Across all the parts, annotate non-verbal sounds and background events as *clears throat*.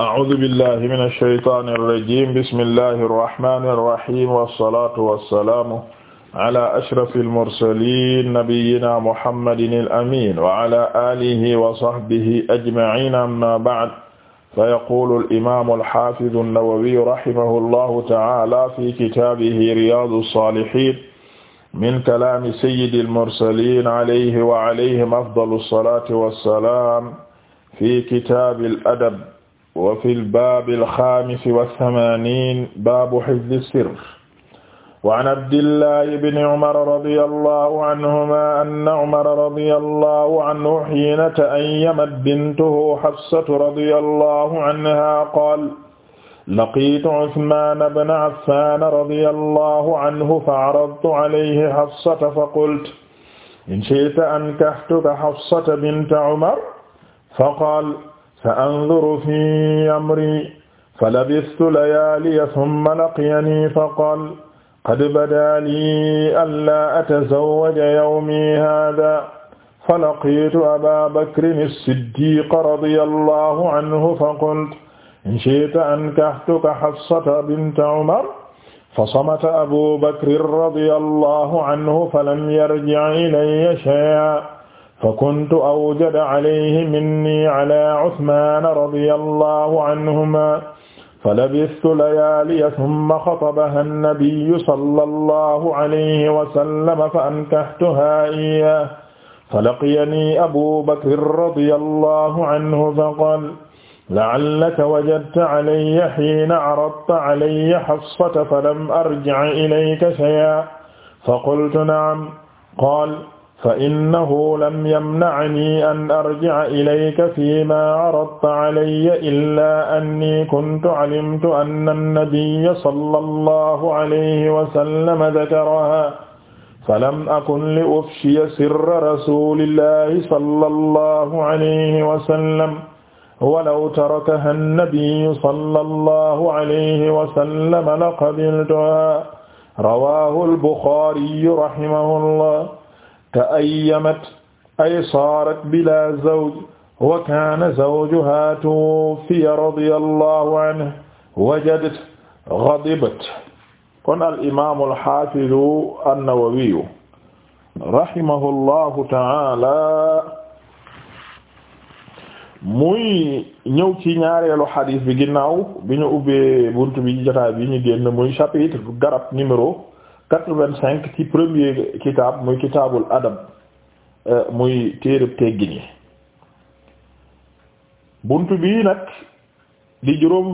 أعوذ بالله من الشيطان الرجيم بسم الله الرحمن الرحيم والصلاة والسلام على أشرف المرسلين نبينا محمد الأمين وعلى آله وصحبه أجمعين أما بعد فيقول الإمام الحافظ النووي رحمه الله تعالى في كتابه رياض الصالحين من كلام سيد المرسلين عليه وعليهم أفضل الصلاة والسلام في كتاب الأدب wa fil baabil xaamisi wa samaaniin baabu hifzi sirr wa an abdillahi ibni umar radiyallahu anhuma anna umar radiyallahu anhu hiina ta'ayyamat bintuhu hafsatu radiyallahu anha qaala laqiitu usmaan ibna affaan radiyallahu anhu fa'aradtu alayhi hafsata faqultu in shi'ta ankahtuka hafsata binta umar faqaala sa anduru fi amri fa labistu layaaliya summa laqiyani fa qaal qad bada lii allaa atazawwaja yawmi haadaa fa laqiitu abaa bakrin as-siddiiqa radiyallaahu anhu fa qultu in shi'ta ankahtuka hafsata binta umar fa samata abuu bakrin radiyallaahu anhu fa lam yarji' ilayya shay'an فكنت أوجد عليه مني على عثمان رضي الله عنهما فلبثت ليالي ثم خطبها النبي صلى الله عليه وسلم فأنكحتها إياه فلقيني أبو بكر رضي الله عنه فقال لعلك وجدت علي حين عرضت علي حفصة فلم أرجع إليك شيئا فقلت نعم قال fa innahu lam yamna'nii an arji'a ilayka fiimaa 'aradta 'alayya illaa annii kuntu 'alimtu anna an-nabiyya sallallahu alayhi wa sallam dhakarahaa falam akun li-ufshiya sirra rasuulillaahi sallallahu alayhi wa sallam walaw tarakahaa an-nabiyyu sallallahu alayhi wa sallam laqabiltuhaa rawaahu al-Buxaari rahimahullah ta'ayyamat ay saarat bila zawj wa kaana zawjuha tuwuffiya radiyallahu anhu wajadat ghadibat kon al imaam al haafiz an-Nawawi rahimahullahu ta'ala muy ñëw ci ñaareelu xadiis bi ginnaaw bi ñu ubbee bunt bi jotaay bi ñu génn muy chapitre garab numéro quatre-vingt-cinq ci premier kitaab muy kitaabul adab euh, muy téereb teggin yi buntu bii nag di juróom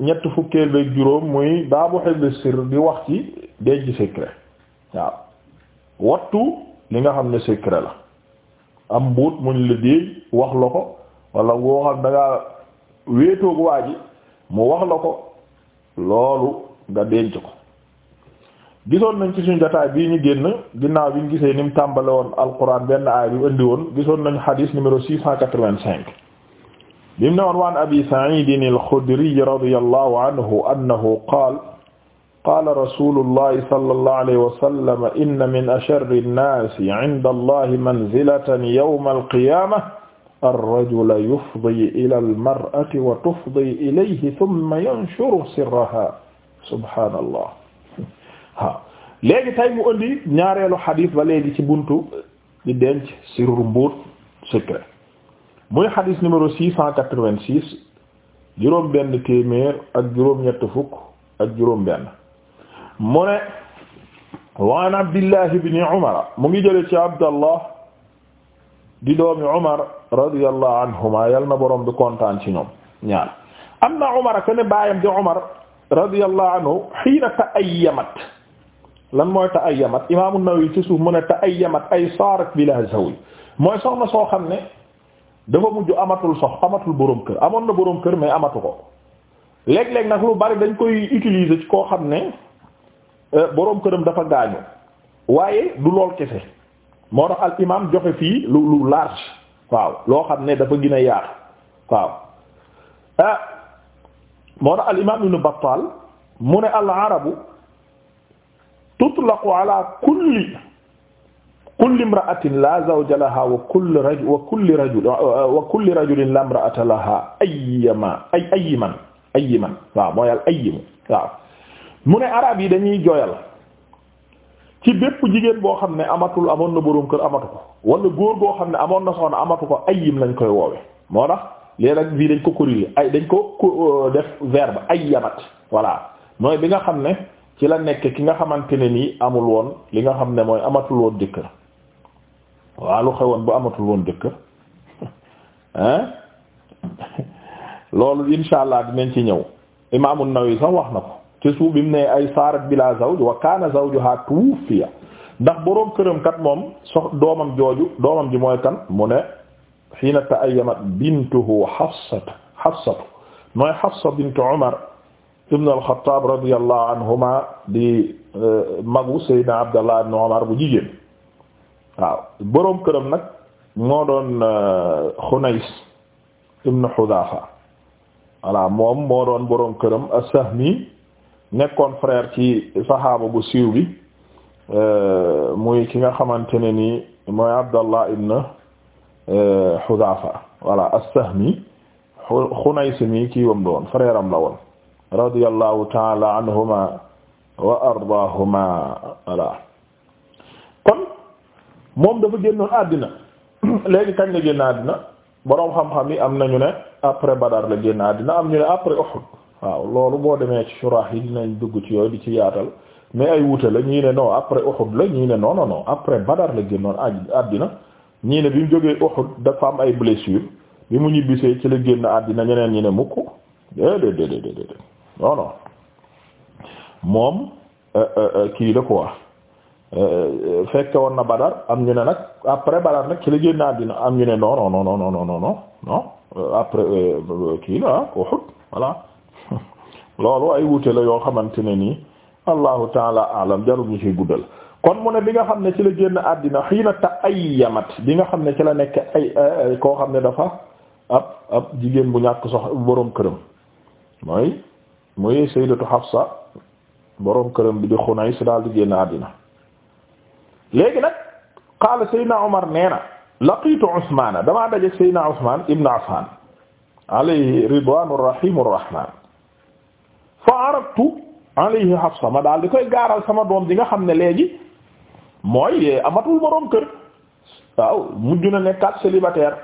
ñett fukkeel beeg juróom muy baabu hifz sirr di wax ci denc secret waaw wattu li nga xam ne secret la am mbuut muñ la déey wax la ko wala woo xam da ngaa waa ji mu wax la ko loolu nga denc ko gisoon nañ ci suñu jotaay bii ñu génn ginnaaw bi ñu gisee ni mu tàmbale woon alquran benn aaya bi indi woon gisoon nañ xadis numéro 685 bi mu ne woon waan abi sa'idin al-xudri radiyallahu anhu annahu qaala qaala rasulullahi sallallahu alayhi wa sallam inna min asharri an-naasi 'inda allahi manzilatan yawma al-qiyaamah ar-rajulu yufdi ila al-mar'ati wa tufdi ilayhi thumma yanshuru sirraha subhaanallah waaw léegi tey mu indi ñaareelu xadis ba léegi ci buntu di denc sirru mbuut secret muy xadis numéro six cent quatre-vingt-six juróom benn téeméer ak juróom ñett ak juróom benn mu ne wa an abdillahi ibni mu ngi jële ci abdallah di doomi umar radiyallahu anhuma yal na boroom bi kontaan ci ñoom ñaar am na umara kene baayam di umar radiyallahu anhu hiina ta'ayyamat lan mooy ta ay yamat imaamu Nawawi ci suuf mu ne ta ay yamat ay saarat bila zawi mooy soxna soo xam ne dafa mujj amatul sox amatul borom kër amoon na borom kër mais amatu ko léeg-léeg nag lu bari dañ koy utiliser ci koo xam ne euh, borom këram dafa gaañu waaye du lool kese moo tax al imaam joxe fii lu lu large waaw loo xam ne dafa gën a yaar waaw ah moo tax al imaam Ibn Battal mu ne al arabu tutlaqu ala kulli kulli imra'atin la zawja laha wa kulli rajul wa kulli rajul wa la imra'ata laha ayyama ay ayyiman ayyiman waaw mooy al ayyimu waaw yi dañuy jooyal ci bépp jigéen boo xam ne amatul amoon na boroom kër amatu ko wala góor goo xam ne amoon na soxna amatu ko lañ koy woowe moo tax léegi yi dañ ko corriger ay dañ ko euh, def verbe ayyamat voilà mooy bi nga xam ne ci la nekk ki nga xamante ne nii amul woon li nga xam ne mooy amatul woon jëkkër waaw lu xewoon bu amatul woon jëkkër hein *laughs* loolu insha allah dinañ ci ñëw imaamu Nawawi sax wax na ko ci suuf bi mu ne ay saarat bila zawj wa kaana zawjuha tuwfiya ndax boroom këram kat moom sox doomam jooju doomam ji mooy kan mu ne hiina ta'ayyamat bintuhu Hafsatu Hafsatu mooy Hafsa bintu Umar ibn al-Khattab radiyallahu anhuma di eh, magu Seydina Abdallah ibn Umar bu jigéen waaw boroom këram nag moo doon Xunays eh, ibn Hudhafa voilà moom moo doon boroom këram as-Sahmi nekkoon frère ci saxaaba bu siiw bi eh, muy ki nga xamante ne ni mooy Abdallah ibn Hudhafa voilà as-Sahmi Xunays mi kii wam doon frère am la woon radiyallahu taala anhuma wa ardaahuma voilà kon moom dafa génnoon àddina *clears throat* léegi kañ la génn àddina boroom xam-xam yi am nañu ne après Badar la génn àddina am ñu ne après Uhud waaw loolu boo demee ci surah yi dinañ dugg ci yooyu di ci yaatal mais ay wuute la ñii ne non après Uhud la ñii ne non après Badar la génnoon àddina ñii ne bi mu jógee Uhud dafa am ay blessure bi mu ñibbisee ci la génn àddina ñeneen ñi ne mukk déedéet déedéet non moom euh, euh, euh, kii la quoi fekke woon na Badar am ñu ne nag après Badar nag ci la génn àddina am ñu ne non noonu non non après kii la Uhud voilà *laughs* loolu ay wute la yoo xamante ne nii allahu taala alam jarul ñu ci guddal kon mu ne bi nga xam ne ci la génn àddina xiina ta ay yamat bi nga xam ne ci la nekk ay koo xam ne dafa ab ab jigéen bu ñàkk sox boroom këram mooy mooy sayyidatu Hafsa borom këram bi di Xunays daal di génn àddina léegi nag qaala sayyidina Umar nee na laqiitu Usmaana damaa daje sayyidina Usmaan ibn Affaan alayhi ridwaanu rahiimu fa arabtu alayhi Hafsa ma daal di koy gaaral sama doom di nga xam ne léegi mooy amatul borom kër waaw mujj nekkaat célibataire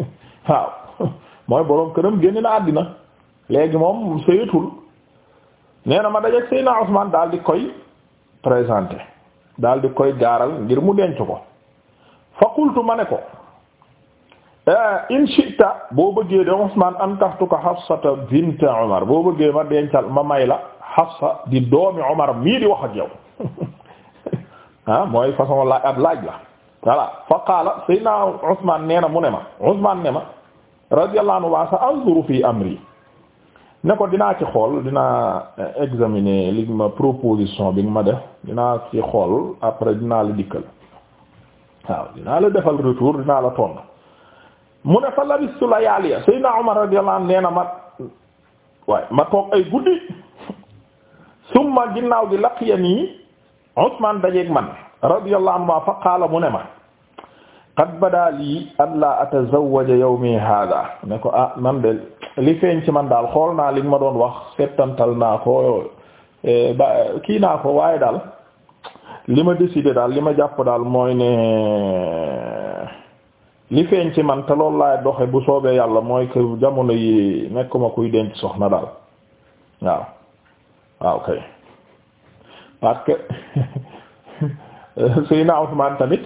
*laughs* waaw mooy borom këram génn na àddina léegi moom sëyatul nee na ma dajeeg Seydina Usman daal di koy présenté daal di koy gaaral ngir mu denc ko fa qultu ma ne ko eh, in shi'ta boo bëggee de Usman ankahtuka Hafsata bint Umar boo bëggee ma dencal ma may la Hafsa di doomi Umar mii di wax ak yow *laughs* ah, mooy façon laaj ab laaj la voilà fa qaala Seydina Usman nee mu ne ma Usman ne ma radiyallahu anhu wa sa fi amri ne ko dinaa ci xool dinaa eh, examiner li proposition bi nga ma def dinaa ci xool après dinaa la dikkal waaw dinaa la defal retour dinaa la tontu mu ne fa labistu la yaaliya Seydina Umar radiyallahu anhu nee ma waaye ma toog ay guddi summa ginnaaw gi laqiya nii Usman dajeeg man radiyallahu anhu fa qaala mu ne ma qad bada lii an laa atazawwaja yawmi hada ne ko ah man de li feeñ ci man daal xool naa liñ ma doon wax settantal naa ko e, ba kii naa ko waaye daal li ma décidé daal li ma jàpp daal mooy ne li feeñ ci man te loolu laay doxe bu soobee yàlla mooy que jamono yi nekkuma kuy denc soxna daal waaw waaw kay parce que *laughs* Seydina tamit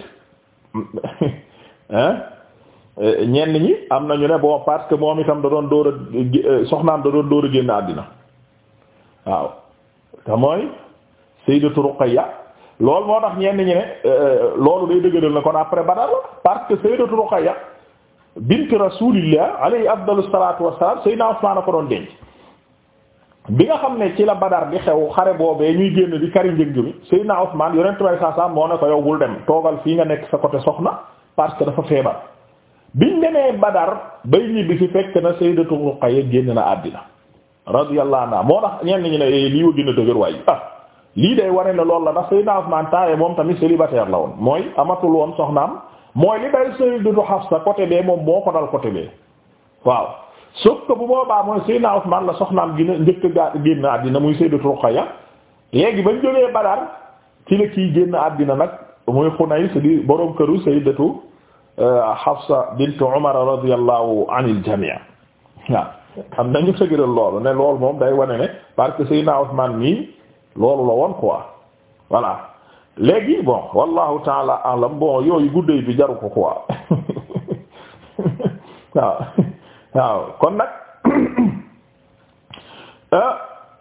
*laughs* Euh, ñenn ñi am nañu ne bon parce que moom itam da doon dóor a euh, soxnaam da doon dóor a génn àddina waaw te mooy Sayyidatu Ruqayya loolu moo tax ñenn ñi ne euh, loolu day dëgëral na kon après Badar parce que Sayyidatu Ruqayya bint Rasulillah alayhi afdalu salaatu wassalaam Sayyidna Usmaan a ko doon denc bi nga xam ne ci la badar di xew xare boobee ñuy génn di kari njëg bi Seydina Ousmane yonent bay saa moo ne ko yow bul dem toogal fi nga nekk sa côté soxna parce que dafa feebar biñ demee badar bay ñibbi si fekk na Sayyidatu Ruqayya génn na àddina radiyallahu anha moo tax ñenn ñi ne eh, lii wa gën a dëgër waaye ah, lii de ware ne loolu la ndax Seydina Ousmane taawee moom tamit célibataire la woon mooy amatul woon soxnaam mooy li day Sayyidatu Hafsa côté bee moom moo ko dal côté bee waaw sauf que bu boobaa mooy Seydina Usmaan la soxnaam gina njëkk gaa génn àddina muy Sayyidatu Ruqayya léegi bañ jógee Badar ci la kii génn àddina nag muy Xunays di borom këru Sayyidatu euh, Hafsa bint Umar radiyallahu anil jamii waaw xam nañu sëgëral loolu ne loolu moom day wane ne parce que Seydina Usmaan nii loolu la woon quoi voilà léegi bon wallahu taala alam bon yooyu guddee bi jaru ko quoi *laughs* waaw waaw kon nag *clears throat* ah,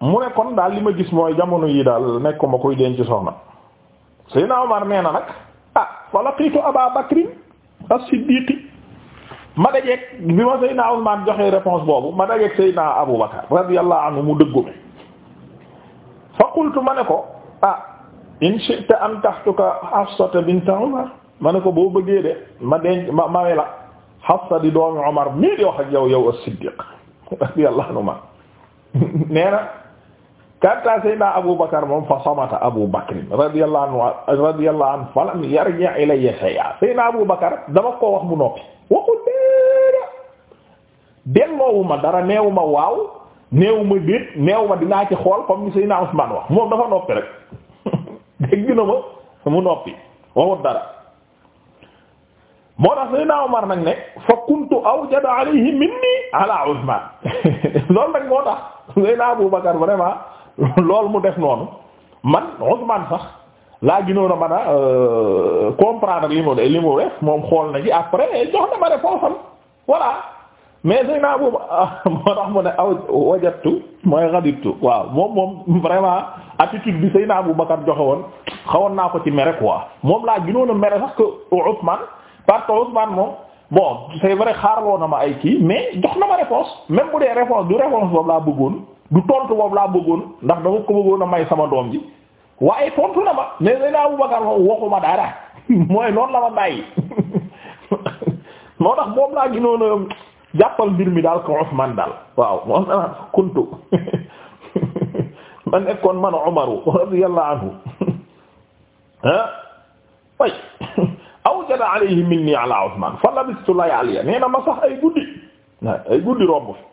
mu ne kon daal li ma gis mooy jamono yii daal nekkuma kuy denc soxna Seydina Omar nee na nag ah fa laqiitu Abaa Bakrin as-Siddiqi ma dajeek bi ma Seydina Omar joxee réponse boobu ma dajeek Seydina Abu Bakar radiyallahu anhu mu dëggume fa qultu ma ne ko ah in shi'ta an tahtuka Hafsata bint Umar ma ne ko boo bëggee de ma denc ma mawe la Hafsa di doomi Omar mii di wax ak yow yow as-Siddiq radiyallahu anhu nee na kanta Seydina Abu Bakar moom fa samata Abu Bakr radiyallahu anhu radiyallahu anhu falam yarji ilayya shay'a Abu Bakar dama koo wax mu noppi waxu dara neewuma ma neewuma déet neewuma dinaa ci xool comme ni Seydina Usman wax moom dafa noppi rek *laughs* dégg na ma mu noppi waxut dara moo tax Seydina Omar nag ne fa kuntu awjad alayhi minni ala Usman *laughs* loolu nag moo tax Seydina Abu Bakar vraiment loolu mu def noonu man Usman sax laa ginoon a mën a euh, comprendre li mu li mu def moom xool na ci après jox na ma réponse am voilà mais Seydina Abu *laughs* moo tax mu ne aw wajadtu mooy xadittu waaw moom moom vraiment attitude bi Seydina Abu Bakar joxe woon xawoon naa ko ci mere quoi moom laa ginoon a mere sax que Usman parce que Ousmane moom bon c'est vrai na ma ay kii mais jox na ma réponse même bu dee réponse du réponse boobu laa bëggoon du tontu boobu laa bëggoon ndax dama ko bëggoon a may sama doom ji waaye tontu na ma mais Seydina Aboubacar waxuma dara *laughs* mooy ma *laughs* mbir mi daal ko Ousmane daal waaw moom danaa kuntu *laughs* ma nekkoon man Umaru radiyallahu anhu ah way awjada alayhi minni ala Usman fa labistu layaaliya nee na ma sax ay guddi ay guddi romb fi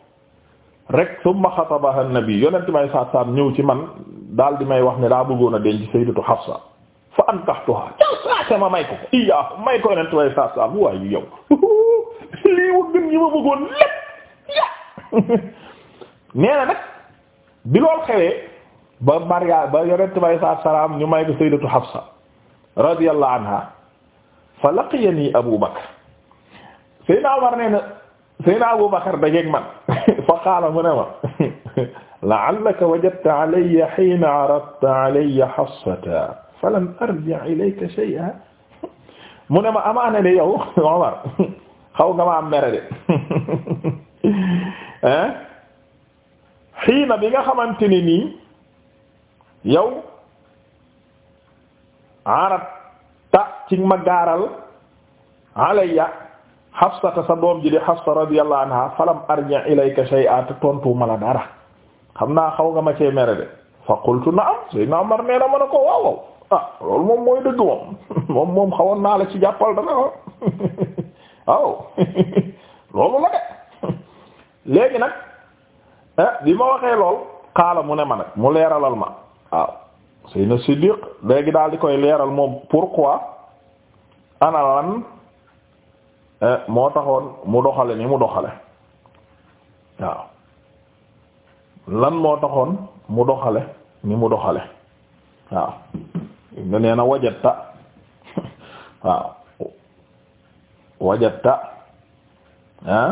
rek summa xatabaha an-nabi yonent may saat saam ñëw ci man daal di may wax ne daa bëggoon a denc sayyidatu Hafsa fa ankahtuha ca saasa ma may ko ko iya may ko yonent may saat saam waaye yu yow *laughs* lii wa gën ñi ma bëggoon lépp ya *laughs* nee na nag bi lool xewee ba maria ba yonent may saat salaam ñu may ko sayyidatu Hafsa radiyallahu anha fa laqiyani Abu Bakr Seydina Umar nee na Seydina Abu Bakr dajeeg man *laughs* fa qaala mu ne ma *laughs* la'allaka wajadta alayya hiina aradta alayya hassatan falam arji' ilayka shay'an *laughs* mu ne ma amaana de yow Umar xaw nga ma am mere de ah hiina bi nga xamante ne nii yow aradta ta ci ma gaaral alayya Hafsata sa doom ji di Hafsa radiyallahu anha falam arji' ilayka shay'an tontu ma la dara xam naa xaw nga ma cee mere de fa qultu na'am Seydina Umar nee na ma ne ko waaw waaw ah loolu moom mooy dëgg moom *laughs* moom xawoon naa la ci jàppal dara *laughs* waaw *laughs* loolu la de léegi nag eh, bi ma waxee lool xaala mu ne ma nag mu leeralal ma waaw. Seydina Siddiq léegi daal di koy leeral moo pourquoi ana lan eh, moo taxoon mu doxale ni mu doxale waaw lan moo taxoon mu doxale ni mu doxale waaw nga nee na wajatta *laughs* waaw wajatta ah eh?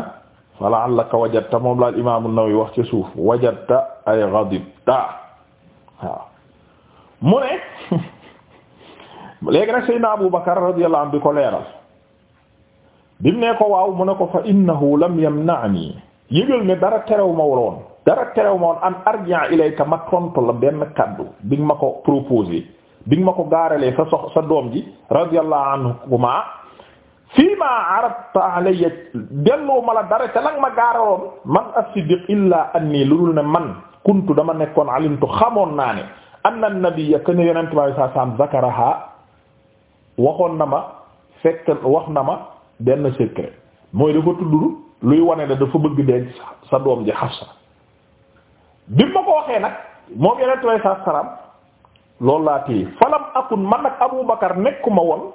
fala allaka wajatta moom laal imaamu Nawawi wax ci suuf wajatta ay ghadibta waaw mu ne léegi nag Seydina Abu Bakar radiyallahu anhu bi ko leeral bi ne ko waaw mu ne ko fa innahu lam yamna'ni yëgal ne dara terew ma woon dara terew ma woon an arji'a ilayka ma tontu la benn kaddu bi ma ko proposé bi nga ma ko gaaralee sa sox sa doom ji radiyallahu anhuma fii maa arabta alayya delloo ma la dara te ma gaaraloon man as-siddiq illaa anni lu dul ne man kuntu dama nekkoon alimtu xamoon naa ne anna nabiyya ken yonent bi saa saam zakaraha waxoon na ma fekk wax na ma benn secret mooy dafa tudd luy wane ne dafa bëgg denc sa doom ji Hafsa bi ma ko waxee nag moom yonent bi saa laa téye falam akun man nag Abu Bakar nekkuma woon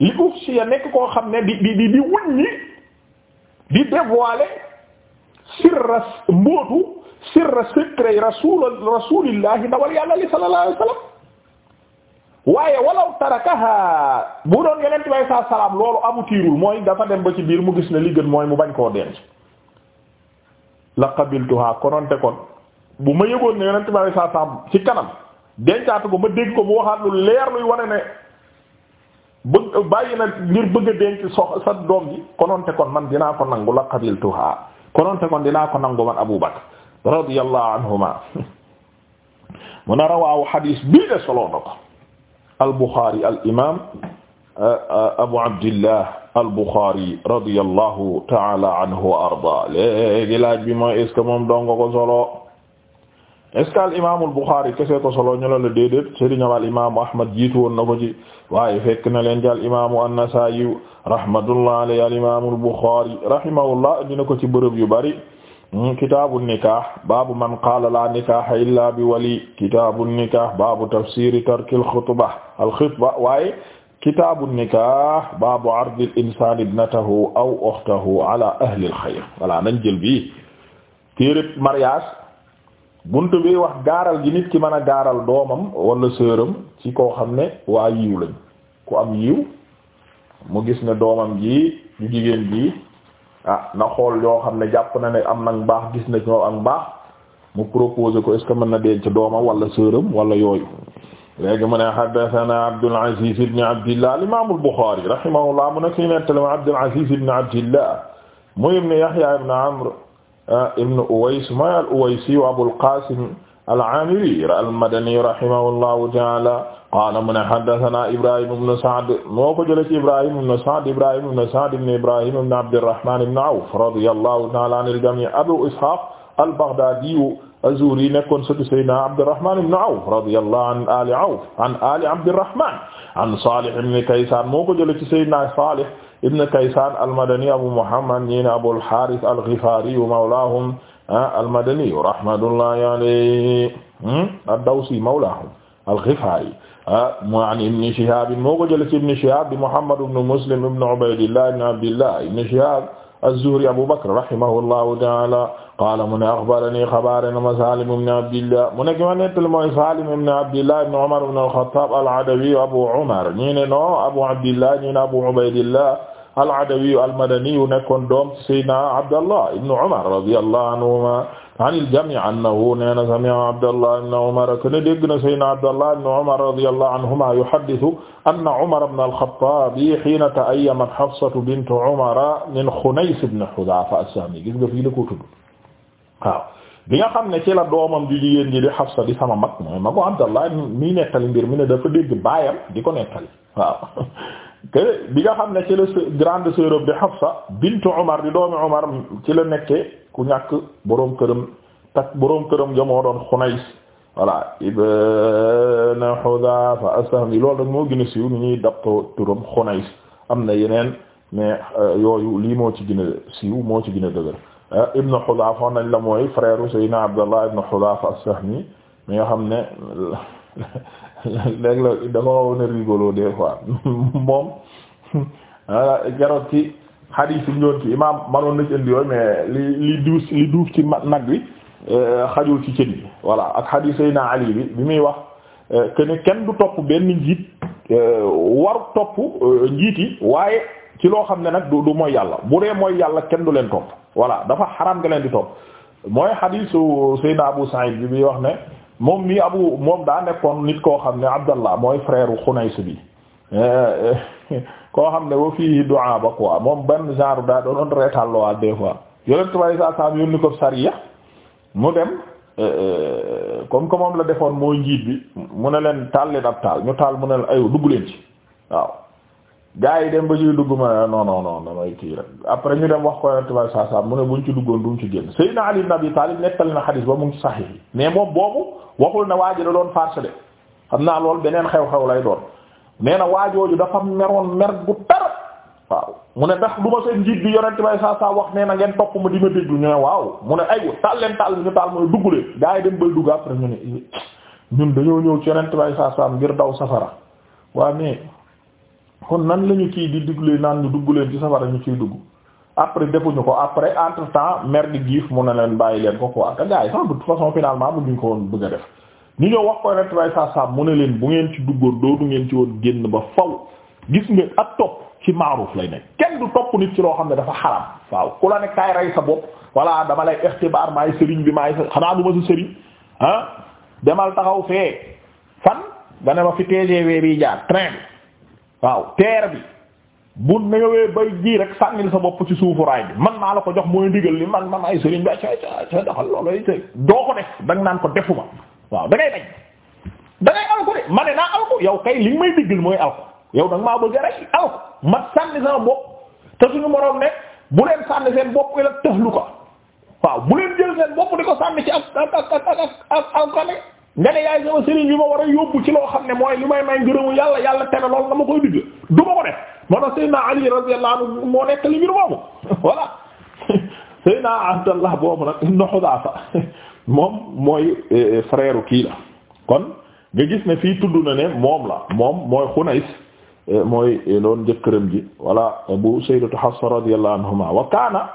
li ufsiya nekk koo xam ne di di di di wuññi di dévoiler sirras mbóotu sirra secret rasul rasulillahi ndawal yàlla li sallallahu alayhi wasallam waaye walaw bu doon yeneen bi alay saa salaam loolu abutiirul mooy dafa dem ba ci biir mu gis ne li gën mooy mu bañ koo denc la qabiltuha kononte kon bu ma yëgoon ne yeneen bi alay saa salaam ci kanam dencaatu ko ma dégg ko mu waxaat lu leer luy wane ne bëgg bàyyi na ngir bëgg a denc sox sa doom ji kononte kon man dinaa ko nangu la qabiltuha kononte kon dinaa ko nangu man Abu Bakr radiyallahu anhuma mu ne rawaawu xadiis bii de solo na ko al Buxaari al imaam eh, Abu Abdillah al Buxaari radiyallahu ta'ala anhu wa arda léegi laaj bi mooy est-ce que moom dong ko solo est-ce que al imaam al Buxaari kese ko solo ñu la déedéet Serigne al imaamu Ahmad jiitu woon na ko ci waaye fekk na leen ci al imaamu an-Nasaa'i rahmatullahi alayhi al imaam al Buxaari rahimahullah dina ko ci bërëb yu bari. kitaabu nikah baabu man qaala laa nikaha illaa bi wali kitaabu nikah baabu tafsiri tarkil xutba alxutba waaye kitaabu nikah baabu ardil insaani ibnatahu aw uxtahu ala ahlil xayr voilà nañ jël bii téereb mariage buntu bi wax gaaral gi nit ki mën gaaral doomam wala sëram ci koo xam ne waa yiw lañ ku am yiw mu gis ne doomam ji ju jigéen ji ah na xool yoo xam ne jàpp na ne am nag baax gis na ñoo ak baax mu proposé ko est ce que mën na denc doomam wala sëram wala yooyu léegi mu ne haddathana Abdul Aziz ibn Abdillah al-Imam al-Bukhari rahimahullah mu ne fi nettali ma Abdul Aziz ibn Abdillah mu ibn Yahya ibn Amr ah, ibn Uways ma al-Uwaysi wa Abul Qasim al-Aamiri al-Madani rahimahullahu ta'ala qaala mu ne haddathana Ibrahim ibn Sa'd moo ko jëlee ci Ibrahim ibn Sa'd Ibrahim ibn Sa'd ibn Ibrahim ibn Abdirrahman ibn Awf radiyallahu ta'ala anil jami' Abu Ishaq al-Baghdadi az-Zuhri nekkoon sëtu Sayyidina Abdirrahman ibn Awf radiyallahu an ali Awf an ali Abdirrahman an Salih ibn Kaysan moo ko jëlee ci Sayyidina Salih ibn Kaysan al-Madani Abu Muhammad ñi ne Abul Harith al-Ghifari mawlahum Ah, al-Madani rahmatullahi alayhi hmm? ad-Dawsi mawlaahum al-Ghifari ah, mu an Ibn Shihab moo ko jëlee ci Ibn Shihab di Muhammad ibn Muslim ibn Ubaydillah ibn Abdillah ibn Shihab az-Zuhri Abu Bakr rahimahullahu ta'ala qaala mu ne axbarani xabaarana ma Salim ibn Abdillah mu nekk ma nettali mooy Salim ibn Abdillah ibn Umar ibn al-Khattab al-Adawi Abu Umar ñii ne no Abu Abdillah ñii ne Abu Ubaydillah al-Adawiyu al-Madaniyu nekkoon doom Seydina Abdallah ibn Umar radiyallahu anhuma anil jamii annahu neena sami'a Abdallah ibn Umar kana dégg na Seydina Abdallah ibn Umar radiyallahu anhuma yuhaddithu anna Umar ibn al-Khattab hiina ta'ayyamat Hafsatu bintu Umar min Khunays ibn Hudhafa as-Sahmi gis nga fii la ko tudd waaw bi nga xam ne ci la doomam di jigéen ji di Hafsa di sama mag mooy magu Abdallah mi nettali mbir mi ne dafa dégg baayam di ko nettali waaw *laughs* que bi nga xam ne ci la grande sœur bi Hafsa bintu Umar di doomi Umar ci la nekkee ku ñàkk boroom këram tak boroom këram ja moo doon Xunays voilà ibn Hudhafa as-Sahmi loolu rek moo gën a siiw ni ñuy dapto turam Xunays am na yeneen mais euh, yooyu lii moo ci gën a siiw moo ci gën a dëgër euh, ibn Hudhafa nañ la mooy frère u Seydina Abdallah ibn Hudhafa as-Sahmi mi nga xam ne *laughs* léegi la dafa woon a rigolo des fois *laughs* moom jarot *laughs* ah ci xadiis yi ñoon ci imaam manoon na ci indi yooyu mais li li duuf li duuf ci nag bi euh, xajul ci cën bi voilà ak xadiis Seydina Ali bi bi muy wax euh, que kenn du topp benn njiit euh, waru topp njiit yi waaye ci loo xam ne nag du mooy yàlla bu dee mooy yàlla kenn du leen topp voilà dafa xaraam nga leen di topp mooy xadiisu Seydina Abu Sa'id bi muy wax ne moom mii abu moom daa nekkoon nit koo xam ne abdallah mooy frère xunays bi koo xam ne wa fii du'a ba quoi moom benn genre daa doon reetal la des fois yonent bay saa saam yónni ko sariya mu dem euh, euh, comme que moom la defoon mooy njiit bi mu ne leen taal leen ab taal ñu taal mu ne leen ayu dugg leen ci waaw gaa yi dem ba ciy dugg ma non non non damay kii rek après ñu dem wax ko yonent bi saa saa mu ne buñ ci duggoon duñ ci génn Seydina Ali ibn Abi Talib nettali na xadis ba mu ngi ci saxiix mais moom boobu waxul ne waa ji da doon farce de xam naa loolu beneen xew-xew lay doon nee na waajooju dafa meroon mer bu tar waaw mu ne ndax lu ma seen njiit bi yonent bi saa saa wax nee na ngeen topp ma di ma déglu ñu ne waaw mu ne aywa taal leen taal ñu mu dugg leen gaa yi dem bay dugg ñu ne eh, ñun dañoo ñëw ci yonent bi saa saa ngir daw safara kon nan la ñu ciy di diglee naan ñu dugg leen ci safara ñu ciy dugg après defuñu ko après entre temps mer di mu ne leen bàyyi leen ko quoi te gars yi sax de façon finalement bu ñu ko woon bëgg a def ñu ñëw wax ko rek bay sa sa mu ne leen bu ngeen ci duggoon dootu ngeen ci woon génn ba faw gis ngeen ak topp ci maaruf lay nekk kenn du topp nit ci loo xam ne dafa xaram waaw ku la ne kaay rey sa bopp voilà dama lay ixtibaar maay sëriñ bi maay xanaa du ma sa sëriñ ah demal taxaw fee fan ne ma fi TGV bi jaar train waaw terre bi bu ñëwee ba ji rek sànnil sa bopp ci suufu raay bi man maa la ko jox mooy ndigal li man man ay sëriñ bi ca ca ca doxal loolay tey doo ko def da naan ko defuma waaw da ngay bañ alko de ma naa alko yow kay li nga may diggal mooy alko yow da nga maa bëgg rek alko ma sànni sama bopp te suñu moroom ne bu leen sànni seen bopp ila tahluka waaw bu leen jël seen bopp di ko sànni ci ak ak ak ak ak ak nga yaay sama sëriñ bi ma war a ci loo xam mooy li may may ngërëmu yàlla yàlla tere lool nga ma koy digg du ma ko moo tax Ali radiyallahu anhu *laughs* *laughs* boobu nag ibn Hudhafa *laughs* moom mooy eh, eh, frère kii kon nga gis ne fii tudd na ne moom la moom mooy Xunays eh, mooy doon jëkkëram ji voilà bu Sayyidatu Hafsa radiyallahu anhuma wa kaana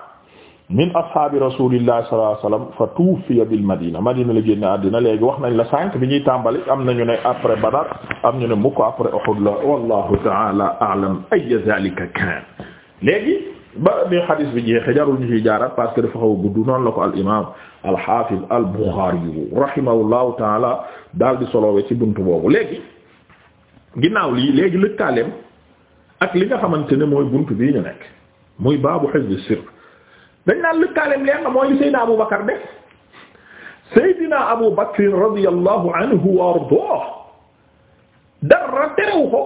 min ashaabi rasulillahi sallallahu alayhi wasallam fa tuufiya bil madina madina la génne àddina léegi wax nañ la sànq bi ñuy tàmbali am ñu ne après Badar am ñu ne mukk après Uhud la wallahu ta'ala a'lam ay zalika kaan léegi ba ni xadis bi jeexe jarul ñu ciy jaarat parce que dafa xaw a la ko al imam al hafiz al Bukhari yu rahimahullahu taala daal di soloowe ci buntu boobu léegi ginnaaw lii léegi lëkkaaleem ak li nga xamante ne mooy buntu bii ñu nekk muy baabu hifz sirr dañ naan lëkkaaleem leen na mooy li Seydina Abu Bakar def Seydina Abu Bakr radiyallahu anhu wa ardaah dara terew ko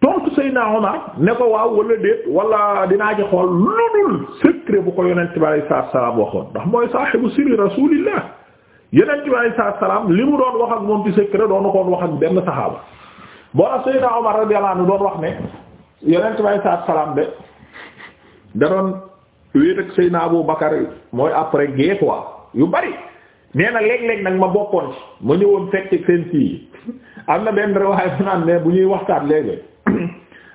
tontu Seydina Omar ne ko waaw wala déet wala dinaa ci xool lu dul secret bu ko yonent bi alayhi salaam waxoon ndax mooy saahibu sirri rasuulillah yonent bi alayhi salaam li mu doon wax ak moom ci secret doon na ko wax ak benn saxaaba boo tax Seydina Omar radiyallahu anhu doon wax ne yonent bi alayhi salaam de da doon. wéet ak naa Abu Bakar mooy après gée quoi yu bari nee na léeg-léeg nag ma bokkoon ci ma ñëwoon fekk seen kii am na benn rewaay bu naan mais bu ñuy waxtaan léegi *coughs*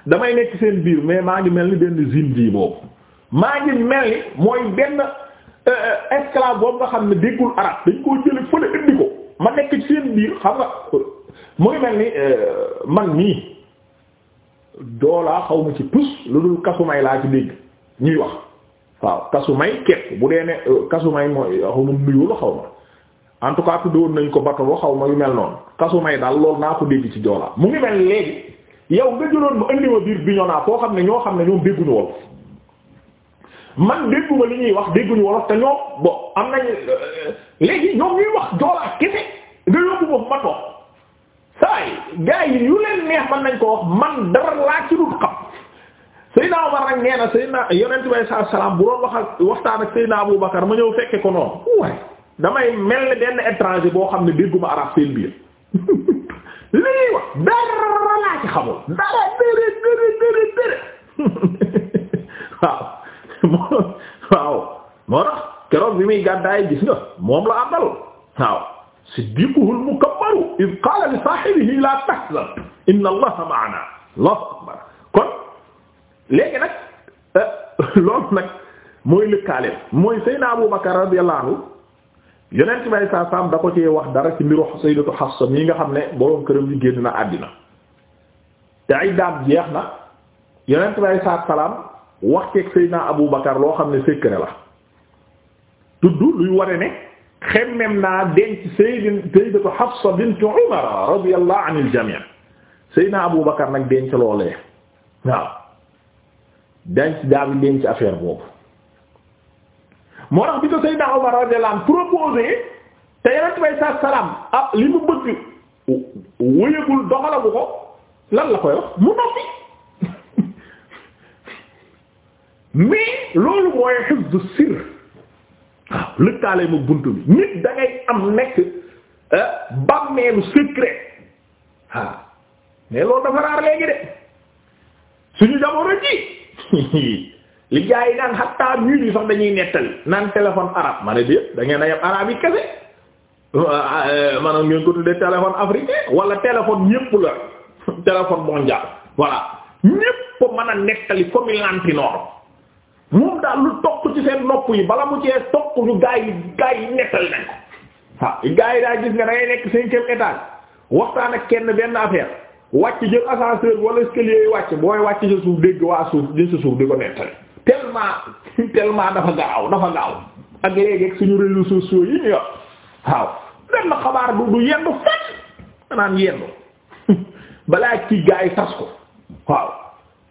damay nekk seen biir mais maa ngi mel ni benn zindi boobu maa ngi mel ni mooy benn euh, euh, esclave boobu nga xam ne déggul arab dañ koo jële fële indi ko ma nekk ci seen biir xam nga mu mel ni euh, man nii doolaa xaw ma ci tus lu dul kasumay laa ci dégg ñuy wax waaw kasumay képp bu dee ne euh, kasumay mooy euh, xaw ma nuyoo la xaw ma en tout cas tuddoon nañ ko bato xaw ma yu mel noonu kasumay daal loolu naa ko dégg ci joolaa mu ngi mel léegi yow nga jëloon ma indi ma biir Bignona foo xam ne ñoo xam ne ñoom dégguñu wolof man dégguma li ñuy wax dégguñu wolof te ñoom bon am nañ euh, léegi ñoom ñuy wax joolaa kese nga yóbbu ma bato saa yi gars yi yu leen neex man nañ ko wax man dara laa ci dul xam. Seydina Omar nag nee na Seydina yonent bi saa salaam bu doon wax ak waxtaan ak Seydina Abu Bakar ma ñëw fekke ko noonu waaye damay mel ni benn étranger boo xam ne dégguma arab seen biir *laughs* lii wax dara laa ci xamul dara dara dara dara dara *laughs* waaw *laughs* waaw moo tax keroog bi muy gàddaay gis nga moom la àndal waaw siddiquhul mukabbaru iz qaala li saahibihi laa tahzan inna allaha ma'ana allahu akbar kon léegi nag euh, *laughs* loolu nag mooy lëkkaale mooy Seydina Abu Bakar radiyallahu anhu yonent bay saa saam da ko ci wax dara ci mbiru Sayyidatu Hafsa mii nga xam ne boroom këram yi génn na àddina ay daam jeex na yonent bay saa salaam wax ceeg Seydina Abu Bakar loo xam ne secret la tudd luy ware ne xemmem naa denc Sayyidin Sayyidatu Hafsa bint Umar radiyallahu anil jami' Seydina Abu Bakar nag denc loolee waaw dañ ci daal leen ci affaire boobu moo tax bi ko Seydina Omar radiyallahu anhu proposé te yonent bay sa ah li mu bëgg wëyagul doxalagu ko lan la koy wax mu noppi *laughs* mais loolu mooy hifdu sirr waaw ah, lëkkaale mu bunt bi nit da ngay am nekk ah, bàmmeelu secret waaw ah, mais loolu dafa raar léegi de suñu jamono ji li gars yi naan xattaa mur yi sax dañuy nettali naan téléphone arabe ma ne déet da ngeen a yem arabe yi kese euh, euh, maanaam ngeen ko tuddee téléphone africain wala téléphone ñépp la *laughs* téléphone mondial voilà ñépp mën a nettali comme lantinoor moom daal lu toq ci seen nopp yi bala mu cee topp ñu gars yi gars yi nettali nañ ko waaw gars yi daa gis nga da ngay nekk cinquième étage waxtaan ak kenn benn affaire. wàcc jël ascenseur wala escalier yi wàcc booy wàcc sa suuf dégg waa suuf jël sa suuf di ko nettali tellement tellement dafa gaaw dafa gaaw ak léegi ak suñu réseaux sociaux yi ñu yor waaw benn xabaar du du yendu fan naan yendu *laughs* balaa ci gaa yi tas ko waaw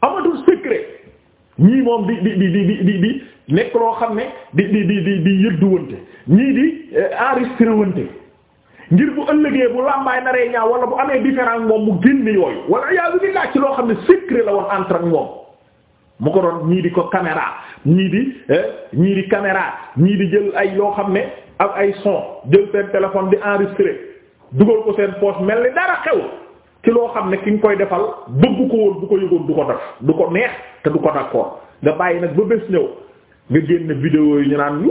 amatul secret ñii moom di di di di di di nekk loo xam ne di di di di di yëdduwante ñii di eh, enregistré ngir bu ëllëgee bu làmbaay naree ñaaw wala bu amee différence moom mu génn yooyu wala yaa bi laaj ci loo xam ne secret la woon entre ak moom mu ko doon ñii di ko caméra ñii di eh, ñii di caméra ñii di jël ay yoo xam ne ak ay son jël seen téléphone di enregistrer dugal ko seen poche mel ni dara xew ci loo xam ne ki nga koy defal bëgg ko woon bu ko yëgoon du ko def du ko neex te du ko d'accord nga bàyyi nag ba bés ñëw nga génn vidéo yi ñu naan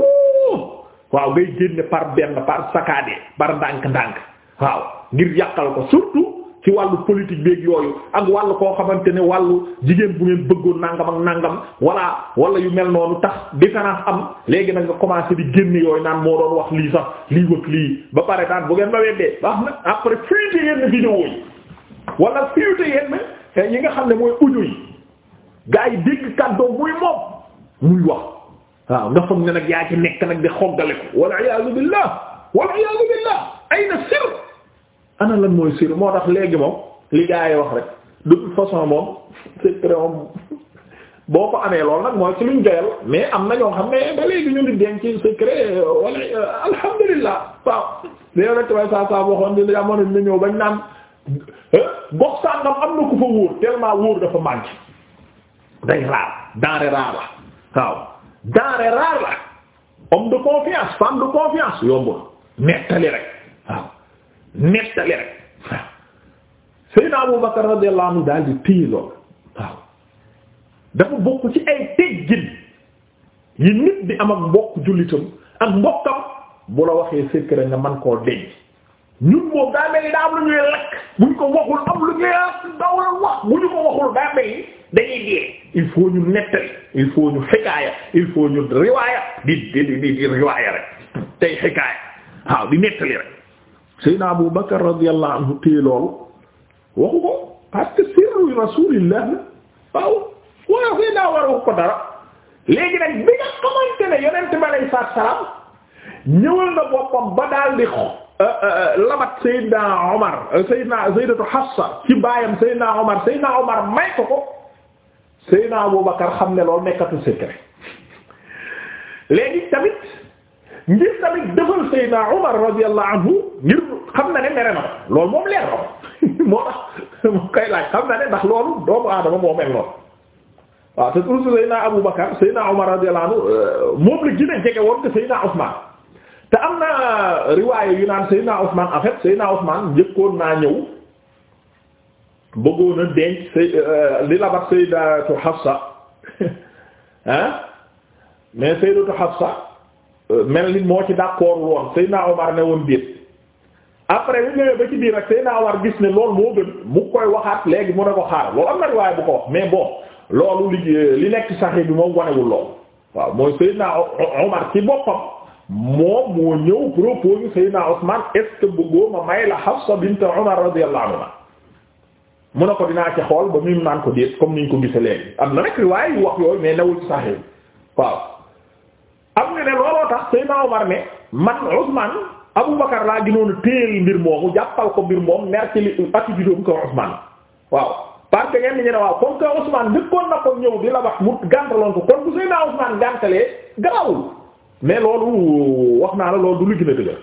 waaw ngay génne par benn par saccadé par ndànk-ndànk waaw ngir yàqal ko surtout ci wàllu politique beeg yooyu ak wàllu koo xamante ne wàllu jigéen bu ngeen bëggoon nangam ak nangam walla wala yu mel noonu tax di différence am léegi nag nga commencé di génn yooyu naan moo doon wax lii sax lii wëkk lii ba pare daan bu ngeen ba weddee baax na après fuité yenn vidéo yi wala fuité yenn ñi nga xam ne mooy uñu yi gaa dégg kàddoom muy moom muy wax waaw nga foog ne nag yaa ci nekk nag di xoggale ko wal iyaazu billah wal iyaazu billah ayna sir ana lan mooy sir moo tax léegi moom li gaa yi wax rek de toute façon moom secret moom *laughs* boo ko amee lool nag mooy ci luñ joyal mais am na ñoo xam ne ba léegi ñu ngi denc secret wala alhamdulillah waaw léegi nag tamit saa saa waxoon ne jamono ñëw bañ naan eh, gox sàngam am na ku fa wóor tellement wóor dafa manqué day raar denrée rare la waaw. denrée rare la homme de confiance femme de confiance yombul nettali rek waaw nettali rek waaw Seydina Abu Bakar radiyallahu anhu daal di téye waaw dafa bokk ci ay teggin yi nit di am ak mbokk jullitam ak mbokkam bu la waxee secret nga mën koo denc ñun moom daa mel ni daa am lu ñuy lakk buñ ko waxul am lu ñuy daw wax bu ñu ko waxul daa mel ni dañuy dee il faut ñu nettali il faut ñu xikaaya il faut ñu riwaaya di di rek tey Abu Bakar radiyallahu anhu téye loolu waxu sirru Rasulillah waaw waaw Seydina war waxu dara léegi nag bi nga xamante ne yonent bi alayhi salaam ñëwal na boppam ba daal di euh, euh, labat Seydina Omar euh, Seydina Sayyidatu Hafsa ci may ko Seydina Abubakar xam ne loolu nekkatu secret léegi tamit ngir tamit defal Seydina Umar radiyallahu anhu ngir xam na ne mere na ko loolu moom leer na *laughs* moo tax moo koy xam na ne ndax loolu doomu aadama moo mel noonu waaw te toujours Seydina Abubakar Umar radiyallahu anhu euh, moom la gën jege woon te Seydina Usman te am na euh, riwaaye yu naan Seydina Usman en fait Usman njëkkoon naa ñëw. bëggoon a denc say euh, euh, li labat sayyidatu Hafsa ah *laughs* mais sayyidatu Hafsa euh, mel ni moo ci d'accord woon Seydina Omar ne woon déet après bi ñëwee ba ci biir ak Seydina Omar gis ne loolu moo gën mu koy waxaat léegi mu ne ko xaar loolu am na riwaay bu ko wax mais bon loolu li li nekk saxi bi moom wanewul lool waaw mooy Seydina Omar ci boppam moom moo ñëw proposé Seydina Ousmane est bëggoo ma may la Hafsa bint Omar radiyallahu anha mu ne ko dinaa ci xool ba muy naan ko déet comme niñ ko gise léegi am na nag riwaay yu wax yooyu mais newul ci saxee waaw am nga ne looloo tax Seydina Omar ne man Ousmane Abu Bakar laa gënoon a téyel mbir moomu jàppal ko mbir moom mer ci li attitude que ñenn ñi ne waaw comme que Ousmane njëkkoon na ko ñëw di la mu gàntaloon ko kon bu Seydina Ousmane gàntalee garawul mais loolu wax naa la loolu du lu gën a dëgër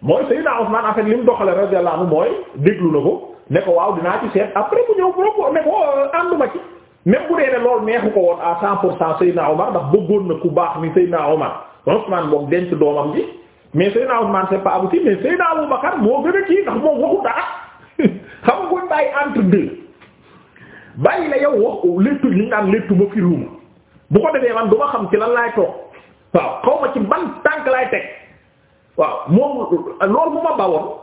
mooy Seydina Ousmane en li mu doxale radiyallahu anhu mooy déglu na ko ne ko waaw dinaa ci seet après bu ñëw pro ne ko euh, ànduma ci même bu dee ne loolu neexu ko woon à cent pour cent naa Omar ndax bëggoon na ku baax ni Seydina Omar Ousmane boog denc doomam ji mais Seydina Ousmane c'est pas abouti mais Seydina Abou Bakar moo gën a kii ndax moom waxu dara *laughs* xam nga koy bàyyi entre deux bàyyi la yow wax léttu li naan léttu ma firuma bu ko defee man du ma xam ci lan laay toog waaw xaw ma ci ban tànk laay teg waaw moom loolu mu ma bawoon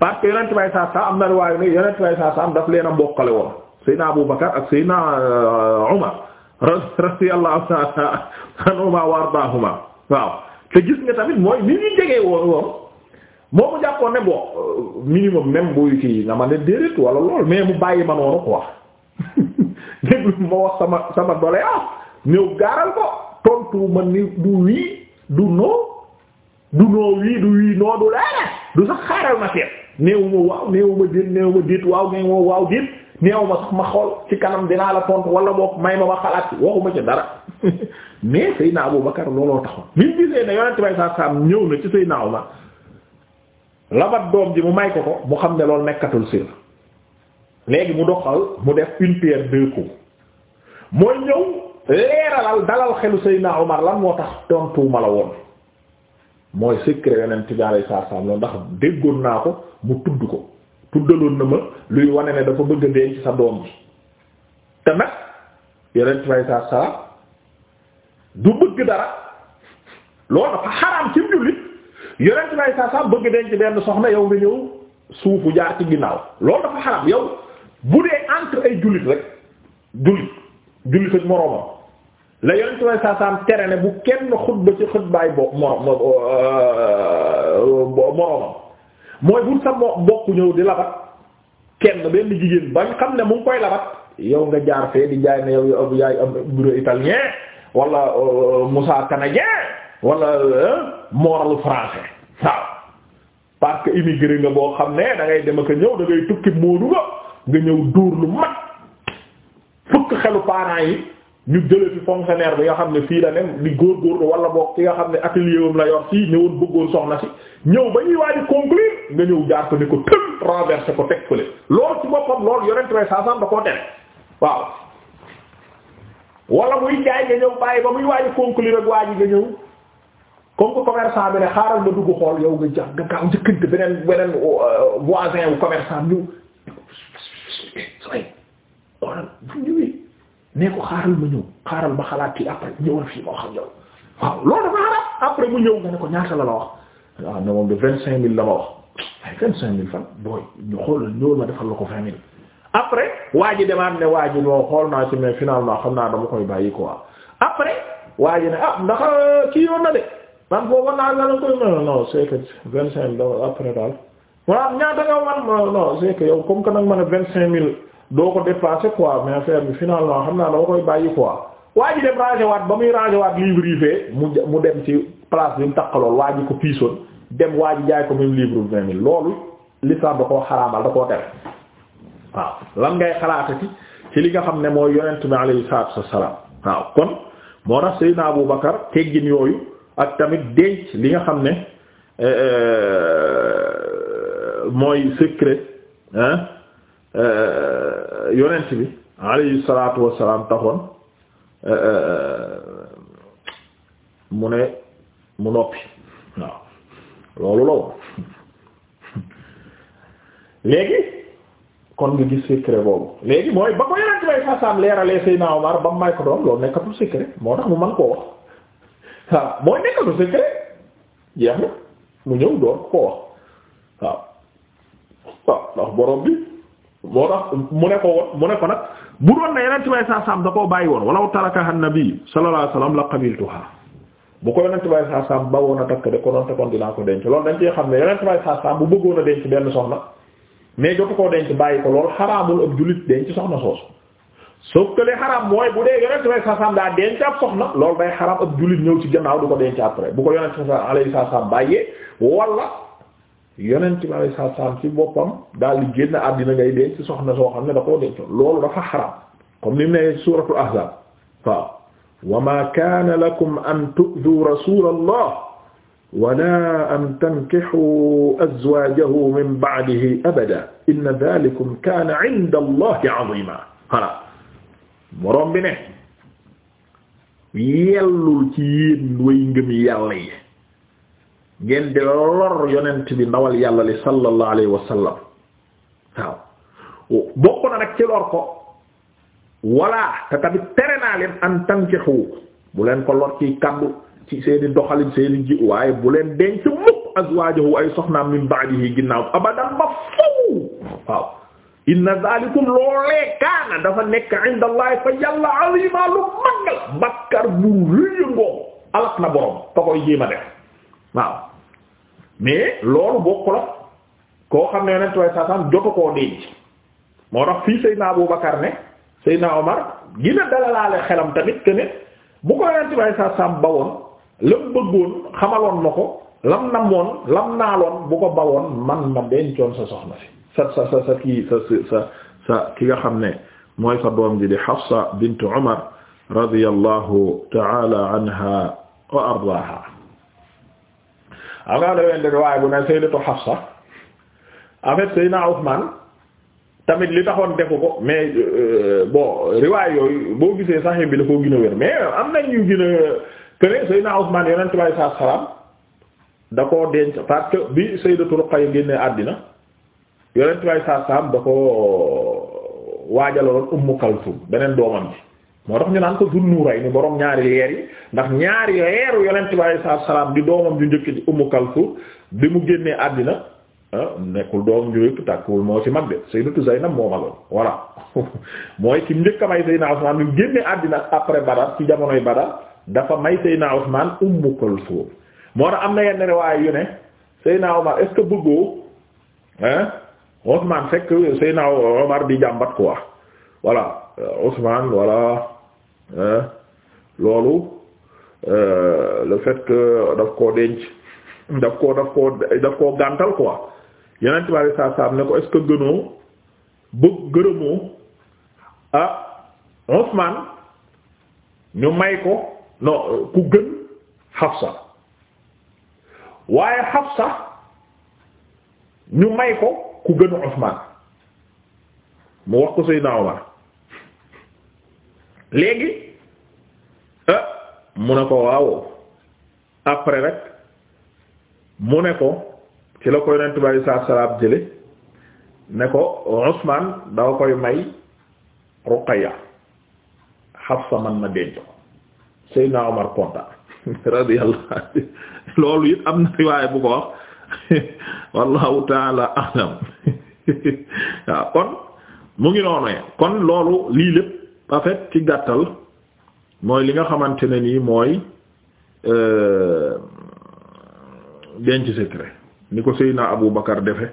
parce que yonent bay saa saa am na riwaayu ne yonent bay saa saa am daf leen a mbokkale woon Seydina Abu Bakar ak Seydina euh, Umar radiyallahu ta'ala anhuma wa ardaahuma waaw te gis nga tamit mooy ni ñu jegee woon woon moo mu jàppoon ne bon euh, minimum même buy kii na ma ne déedéet wala lool mais mu bàyyi ma noonu quoi *laughs* déglu ma wax sama sama dole ah ñëw gaaral ko tontu ma ni du wii du noo du noo wii du wii noo du leere du sax xaaral ma seet néewuma waaw néewuma déet néewuma déet waaw néewuma waaw déet néewuma sax ma xool ci kanam dinaa la tontu wala moo may ma ma xalaat waxuma ci dara *laughs* mais Seydina Abu Bakar looloo taxoon. bi mu gisee ne yonent bay saa saam ñëw na ci Seydina Umar labat doom ji mu may ko ko mu xam ne lool nekkatul sir léegi mu doxal mu def une pierre deux coups mooy ñëw leeralal dalal xelu Seydina Umar lan moo tax tontuwuma la woon. mooy secret yeneen tijaaree saa saam la ndax déggoon naa ko mu tudd ko tuddaloon na ma luy wane ne dafa bëgg denc sa doom bi te nag yeneen tijaaree saa saam du bëgg dara loolu dafa bëgg denc benn soxna yow nga ñëw suufu jaar ci ginnaaw loolu dafa xaraam yow bu dee entre ay jullit rek jullit jullit ak moroomam. la yonent way saasaam tere ne bu kenn xutba ci xutbaay bo moro euh, moroomam mooy bul sa bokk ñëw di labat kenn benn jigéen bañ xam ne mu ngi koy labat yow nga jaar fee di jaay ne yow yaay am bureau italien wala euh, Moussa canadien wala euh, mooral français waaw parce que nga boo xam ne dangay dem ak ñëw da ngay tukki moodu nga nga ñëw dóor lu mat fukk xelu parents yi ñu jëlee fi fonctionnaire bi nga xam ne fii la ne di góorgóorlu wala boog ki nga xam ne atelier am la yor fii ñëwoon bëggoon soxna si ñëw ba ñuy waaji conclure nga ñëw jaar ko ne ko tël traversé ko teg fële loolu ci boppam loolu yorentuwee saasam da koo tere waaw wala muy jaay nga ñëw bàyyi ba muy waaji conclure ak waa ji nga ñëw comme que commerçant bi ne xaaral ma dugg xool yow nga jax nga gaaw njëkkante beneen beneen euh, voisin wu commerçant ñu nee ko xaaral ma ñëw xaaral ma xalaat ci après ñëwal fii ma wax ak waaw loolu dafa xaraam après mu ñëw nga ne ko ñaata la la wax waaw ne moom de vingt cinq mille la ma wax ay vingt cinq mille fan booy ñu ma defal la ko vingt mille après waa ji demaat ne waa ji xool naa ci mais finalement xam naa dama koy bàyyi quoi après waa ji ne ah ndax euh, kii yoon na de man boobu naa la koy non non c'est que vingt cinq mille après daal waaw ñaata nga man non c'est yow comme que nag ma ne vingt cinq mille doo ko dépassé quoi mais affaire bi finalement xam naa dama koy bàyyi quoi waa ji dem rangé waat ba muy rangé waat livre yi fee mu mu dem ci place bi mu takkalool waa ji ko piisoon dem waa ji jaay ko même livre vingt mille loolu l'islam da koo xaraamal da koo tere waaw lan ngay xalaatati ci li nga xam ne mooy yonent bi alayhi salaatu wassalaam waaw kon moo tax Seydina Abu Bakar teggin yooyu ak tamit denc li nga xam ne euh, mooy secret hein Euh, yonent bi alayhi salaatu wassalaam taxoon euh, euh, mu ne mu noppi waaw loolu la léegi kon nga gis secret boobu léegi mooy ba ko yonent bay façam leeralee Seydina Omar ba mu may ko doon loolu nekkatul secret moo tax mu man koo wax waaw mooy nekkatul secret jeex na mu ñëw doon koo wax waaw waaw ndax borom moo tax mu ne ko mu ne ko nag bu doon ne yonent bay da koo bàyyi woon walaw tarakaha nabi sallallahu alayhi wasallam la qabiltuha bu ko yonent bay saa saam ba woon a takk de konoon te kon dinaa ko denc loolu dañ ci xam ne yonent bay saa saam bu bëggoon mais jotu koo denc bàyyi ko loolu xaraamul ab jullit denc soxna soosu sauf que li xaraam mooy bu dee yonent bay daa denc ab soxna loolu day xaraam ab jullit ñëw ci ko denc après bu ko yonent alayhi saa saam bàyyee wala yonent bi alayhi salaam ci boppam daal di génn àddina ngay denc ci soxna soo xam ne da koo dencoon loolu dafa xaram comme ni mu ne suuratul ahzab waaw wa maa kaana lakum an tu'duu rasuulallah wala an tankixuu azwaajahu min ba'dihi abadan inna daalikum kaana 'inda allahi 'aziima voilà boroom bi ne yellul ci yéen way ngëm yàlla yi ngeen di lor yonent bi ndawal yàlla li sallallahu alayhi wa sallam waaw te tamit tere naa leen an tankixu bu leen ko lor ci kàddu ci seeni doxalin seeni ji waaye bu leen denc mukk ay soxna min ba'dihi ginnaaw abadan ba faw waaw inna zalikum kaana dafa nekk inda allahi fa yàlla azima lu maggal bakkar bu rëy ngoo na borom ka koy jéema def waaw mais loolu bokkul ak koo xam ne yonent way saasan jotu koo denc moo tax fii Seydina Abu Bakar ne Seydina Omar gina dalalaale xelam tamit que ne bu ko yonent way saasan bawoon lam bëggoon xamaloon ma ko lam namoon lam naaloon bu ko bawoon man ma dencoon sa soxna si sa sa sa kii sa sa ki nga xam ne mooy sa doom ji di Hafsa bint Umar radiyallahu ta'ala anha wa ardaaha xam nga dafay def waaye bu ne Sayyidatu Hafsa en fait Sayyidina Usman tamit li taxoon defu ko mais euh, bon riwaay yooyu boo gisee saxee bi dafoo gën wér mais am na ñu gën a këne Sayyidina Usman yonent bi saa salaam da koo denc parce que bi Sayyidatu Ruqayya génnee àddina yonent bi saa salaam da ko waajaloon Ummu Kalsum beneen doomam bi moo tax ñu naan ko Dul Nuurayni borom ñaari leer yi ndax ñaari leeru yonent bi salaam di doomam ju njëkk di Ummu Kalsuum bi mu génnee àddina ah, nekkul doom ju yëpp tàkkuwul moo ci mag de Sayyidatu Zaynab moo maloon voilà *laughs* mooy ki njëkk a may Sayyidina Usmaan bi mu génnee àddina après Badar ci jamonoy Badar dafa may Sayyidina Usmaan Ummu Kalsuum moo tax am na yenn riwaaya yu ne Sayyidina Umar est bëggoo hein Usmaan fekk Sayyidina Umar di jàmbat quoi voilà Usmaan loolu euh, le fait que daf koo denc daf koo daf koo gàntal quoi yeneen tubaab yi saa saa ne ko est-ce que gënoo bëgg gërëmoo ah Ousmane ñu may ko non ku gën Hafsa waaye Hafsa ñu may ko ku gën Ousmane mu wax ko Seydina Omar léegi ah, mu ne ko waaw après rek mu ne ko ci la ko yonent bi alei salaatu jële ne ko Usman dawa koy may Ruqayya Hafsa man ma denc ko Seydina Omar kontaan *laughs* radiyallahu loolu it am na riwaaye bu ko wax *laughs* wallahu taala alam *laughs* kon mu ngi noonu kon loolu lii lépp en fait ci gàttal mooy li nga xamante ne nii mooy euh, denc secret ni ko Seydina Abu Bakar defe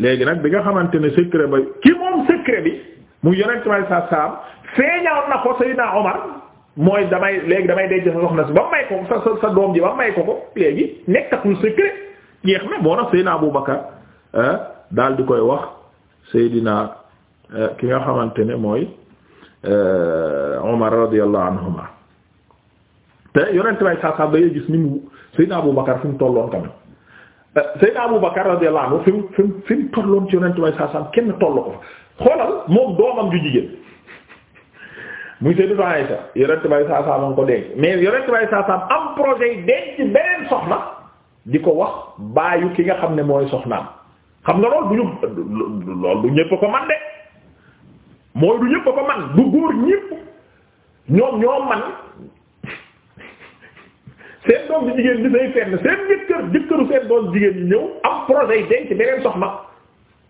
léegi nag bi nga xamante ne secret ba ki moom secret bi mu yonent may sa saam mooy damay léegi damay denc sa ba may ko sa sa doom ji ba may ko ko léegi nekkatul secret jeex na moo tax Seydina Abu Bakar euh, daal di koy wax Seydina euh, ki nga xamante ne mooy Umar euh, radiyallahu anhuma te yonent may saa saa day gis ni mu Seydina Abu Bakar fi mu tolloon tamit euh, Seydina Abu Bakar radiyallahu anhu fi mu fi tolloon ci yonent may saa kenn tollu ko fa xoolal moom doomam ju jigéen muy Seydina Aysa yonent may saa saa am projet yi denc beneen soxna di ko wax baayu ki nga xam ne mooy soxnaam xam nga loolu du ñu ko man de mooy du ñëpp ko man du góor ñëpp ñoom ñoo man seen doom bi jigéen bi say fenn seen jëkkër jëkkëru seen doom jigéen ñi ñëw am projet yi denc beneen soxna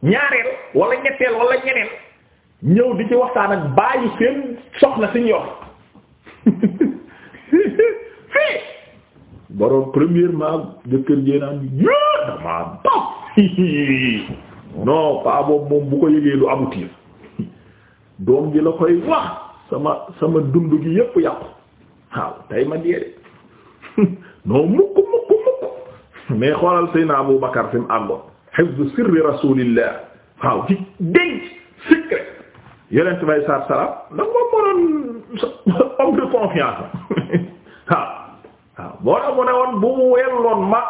ñaareel wala ñetteel wala ñeneen ñëw di ci waxtaan ak bàyyi seen soxna si ñor fii *laughs* borom premièrement jëkkër jee naan yë damaa ba non pa moom bu ko yëgee lu amutir doom ji la koy wax sama sama dund gi yépp yàqu waaw tey ma dee de *laughs* non mukk mukk mukk mais xoolal Seydina Abu Bakar fi mu àggoon hifz sirri rasulillah waaw ci denc secret yonent bay saat salam ndax moom na *laughs* *laughs* bu mu welloon ma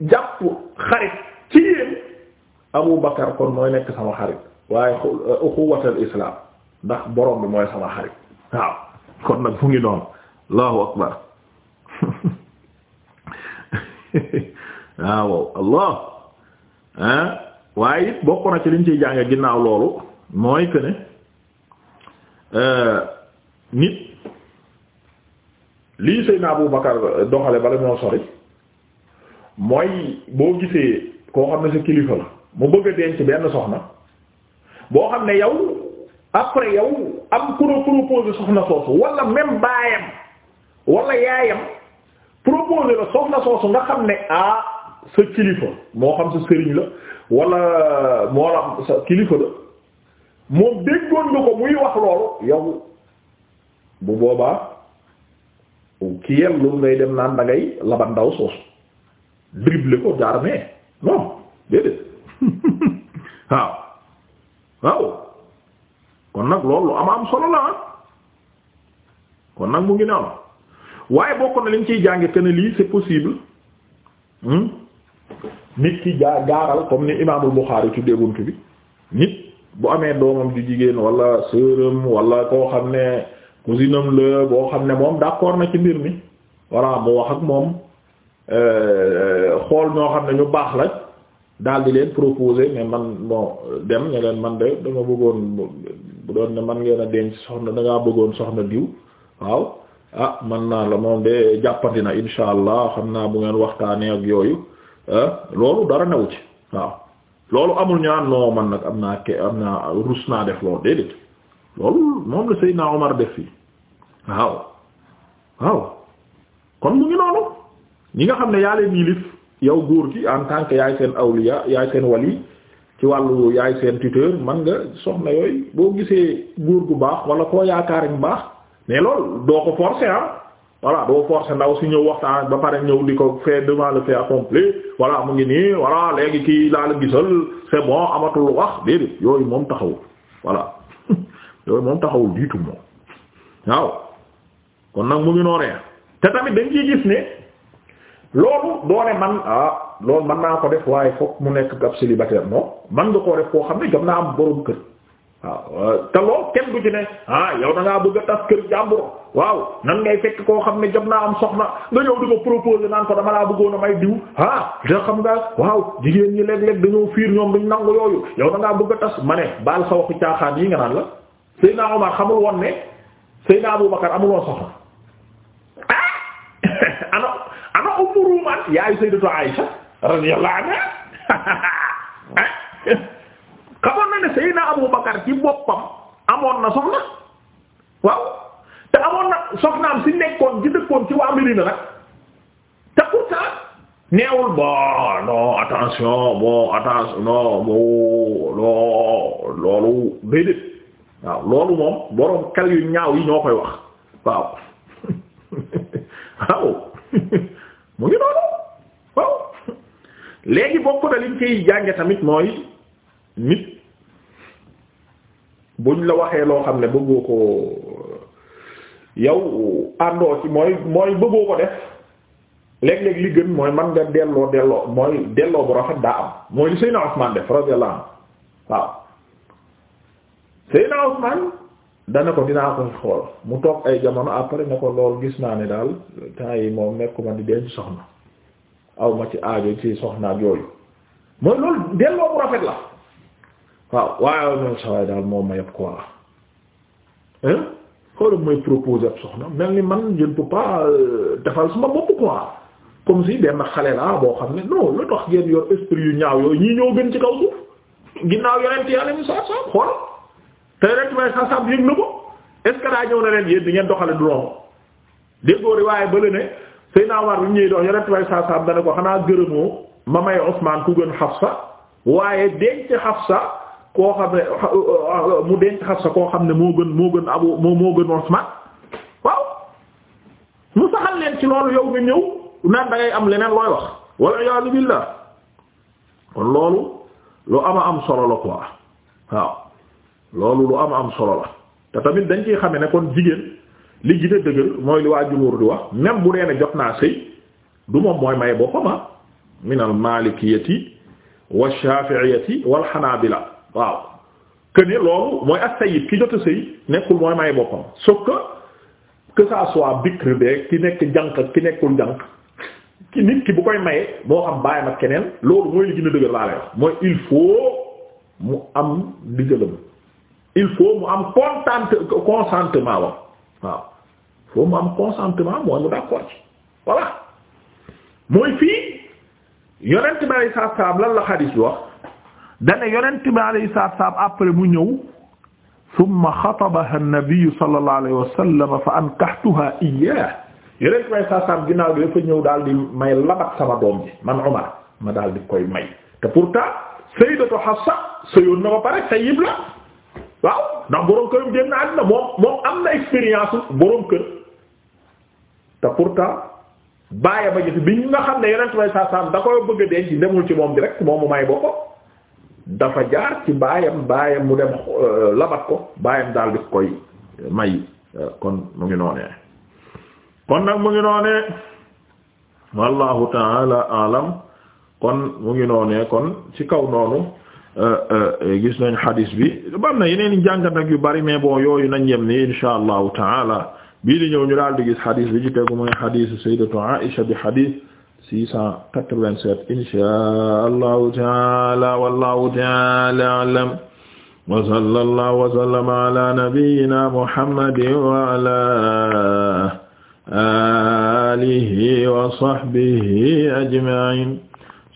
jàpp xarit ci yéen Abu Bakar kon mooy nekk sama xarit waaye euh, uxuwatal islam ndax borom bi mooy sama xarit waaw kon nag fu ngi noonu allahu akbar *laughs* waaw allah ah waaye it bokk na ci liñ ciy jànge ginnaaw loolu mooy que ne euh, nit lii Seydina Abu Bakar doxale bala ñoo sori mooy boo gisee koo xam ne sa kilifa la mu bëgg a denc benn soxna boo xam ne yow après yow am ku la proposé soxna soosu wala même baayam wala yaayam proposé la soxna soosu nga xam ne ah sa kilifa moo xam sa sëriñ la wala moo la sa kilifa la moom déggoon nga ko muy wax loolu yow bu boobaa ki yellul ngay dem naan da ngay ndaw soosu dribble ko jaar mais non *laughs* waaw waaw kon nag loolu am am solo la ah. kon nag mu ngi noonu waaye bokk na liñ ciy jànge que ne lii si possible hmm? nit ki jaar gaaral comme ni imaamul Buxaari tuddee buntu bi nit bu amee doomam ju jigéen walla sërëm wala koo xam ne cousinam la boo xam ne moom d'accord na ci mbir mi voilà mu wax ak moom euh, xool ñoo xam ne ñu baax la. daal di leen proposer mais man bon dem ne leen man de dama bëggoon bu doon ne man ngeen a denc soxna da bëggoon soxna diw waaw ah man naa la moom de jàppandi na insha allah xam naa bu ngeen waxtaanee ak yooyu eh, loolu dara new ci waaw loolu amul ñu naan man nag am naa ke am naa rus naa def loolu déedéet loolu moom la Seydina Omar def fii waaw waaw kon mu ngi noonu ñi nga xam ne yaa leen yilif yow góor gi en tant que yaay seen awliya yaay seen wali ci wàllu yaay seen tuteur man nga soxna yooyu boo gisee góor gu baax wala koo yaakaar mu baax mais loolu doo ko forcer ah voilà doo forcer ndaw si ñëw waxtaan ba pare ñëw li ko fait devant le fait accompli voilà mu ngi nii voilà léegi kii laa la gisal c'est bon amatul wax déedéet yooyu moom taxawul voilà *laughs* yooyu moom taxawul diitu moom waaw kon nag mu ngi noonee te tamit dañ ciy gis ne. loolu doo ne man ah loolu mën naa ko def waaye fokk mu nekk ab célibataire non man nga koo def koo xam ne jot naa am borom kër waaw euh, te loolu kenn du ci ne ah yow da bëgg a tas kër jàmbur waaw nan ngay fekk koo xam ne jot naa am soxna nga ñëw di ko proposer naan ko dama laa bëggoon a may diw ah da xam nga waaw jigéen ñi léeg-léeg dañoo fiir ñoom duñ nangu yooyu yow da ngaa bëgg a tas ma ne baal sa waxu caaxaan yi nga naan la Seydina Omar xamul woon ne Seydina Abubakar amul woon soxna. man yaayu sayyidatu Aisha radiyallahu anha *laughs* xamoon na ne Seydina Abu Bakar ci boppam amoon na soxna waaw te amoon na soxnaam si nekkoon di dëkkoon ci waa Medina nag te pourtant neewul bon non attention bon attention non bon non loolu déedéet waaw loolu moom borom kal yu ñaaw yi ñoo koy wax waaw. *laughs* *laughs* mu ngi noonu waaw léegi bokk na liñ koy jànge tamit mooy nit buñ la waxee loo xam ne bëggoo ko yow àndoo ci mooy mooy bëggoo ko def léeg-léeg li gën mooy man nga delloo delloo mooy delloo bu rafet daa am mooy li Seydina Usmaan def radiyallahu anhu waaw Seydina Usmaan dana ko dinaa ko xool mu toog ay jamono après ne ko lool gis naa ne daal temps yi moom nekkuma di denc soxna aw ma ci aajo ci soxnaak yooyu mooy loolu delloo bu rafet la waaw waaye loolu sawaay daal moom ma yëpp ko wara xoolam mooy proposer ab soxna mel ni man je ne peux pas euh, defal suma bopp quoi comme si benn xale la boo xam ne non lu tax ngeen yor esprit yu ñaaw yooyu ñoo gën ci kaw suuf ginnaaw yonent yàlla mu saab saab xool te rek may sa sam yëg na ko est daa ñëw na leen yéen di ngeen doxale du loolu déggoo riwaaya bële ne Seydina Umar bi ñuy dox yonent may sa sam dana ko xanaa gërëmoo ma may Usmaan ku gën Hafsa waaye denc Hafsa koo xam ne mu denc Hafsa koo xam ne moo gën moo gën Abu moo gën Usmaan waaw mu saxal leen ci loolu yow nga ñëw naan da ngay am leneen looy wax walla iyaazu billaah loolu lu am a am solo la quoi waaw loolu lu am am solo la te tamit dañ ciy xame ne kon jigéen li gën a dëgër mooy li waa jumóor di wax même bu dee ne jot naa sëy du moom mooy maye boppama ah. min al malikiyati wa shafi'iyati wal hanabila waaw que loolu mooy ak sayid ki jot a sëy nekkul mooy maye boppam sauf que que ça soit bikr beeg ki nekk jànq ki nekkul jànq ki nit ki bu koy maye moo xam bàyyam ak keneen loolu mooy li gën dëgër laa lay mooy il faut mu am digalam il faut mu am content consentement wam waaw il faut mu am consentement mooy mu d'accord ci voilà mooy fii yonent bi alayhi salaam lan la xadiis bi wax dane yonent salaam après mu ñëw summa xatabaha an-nabi sallallahu alayhi wa sallam fa ankahtuha iyyah yonent bi alayhi salaatu salaam ginnaaw bi dafa ñëw di may labat sama doom ji man Umar ma daal di koy may te pourtant sayyidatu Hafsa sëyoon na ba pare sayyib la waaw ndax boroom këram génn àddina moom moom am na expérience boroom kër te pourtant bàyyi ba jëf bi ñu nga xam ne yonent way saa saam da koy bëgg a denc demul ci moom direct moom mu may boppam dafa jaar ci baayam baayam mu dem euh, labat ko baayam daal di koy may euh, kon mu ngi noonee kon nag mu ngi noonee wallahu taala alam kon mu ngi noonee kon ci kaw noonu Euh, euh, gis nañ xadis bi bam na yeneen i jàngat nag yu bari mais bon yooyu nañ yem ni insha allahu taala bii di ñëw ñu daal di gis xadis bi ci tegu mooy xadisu sayyidatu Aisha bi xadis 687 insha allahu taala wallahu taala alam wa sallallahu wa sallama ala nabiyyina muhammadin wa ala alihi wa sahbihi ajma'in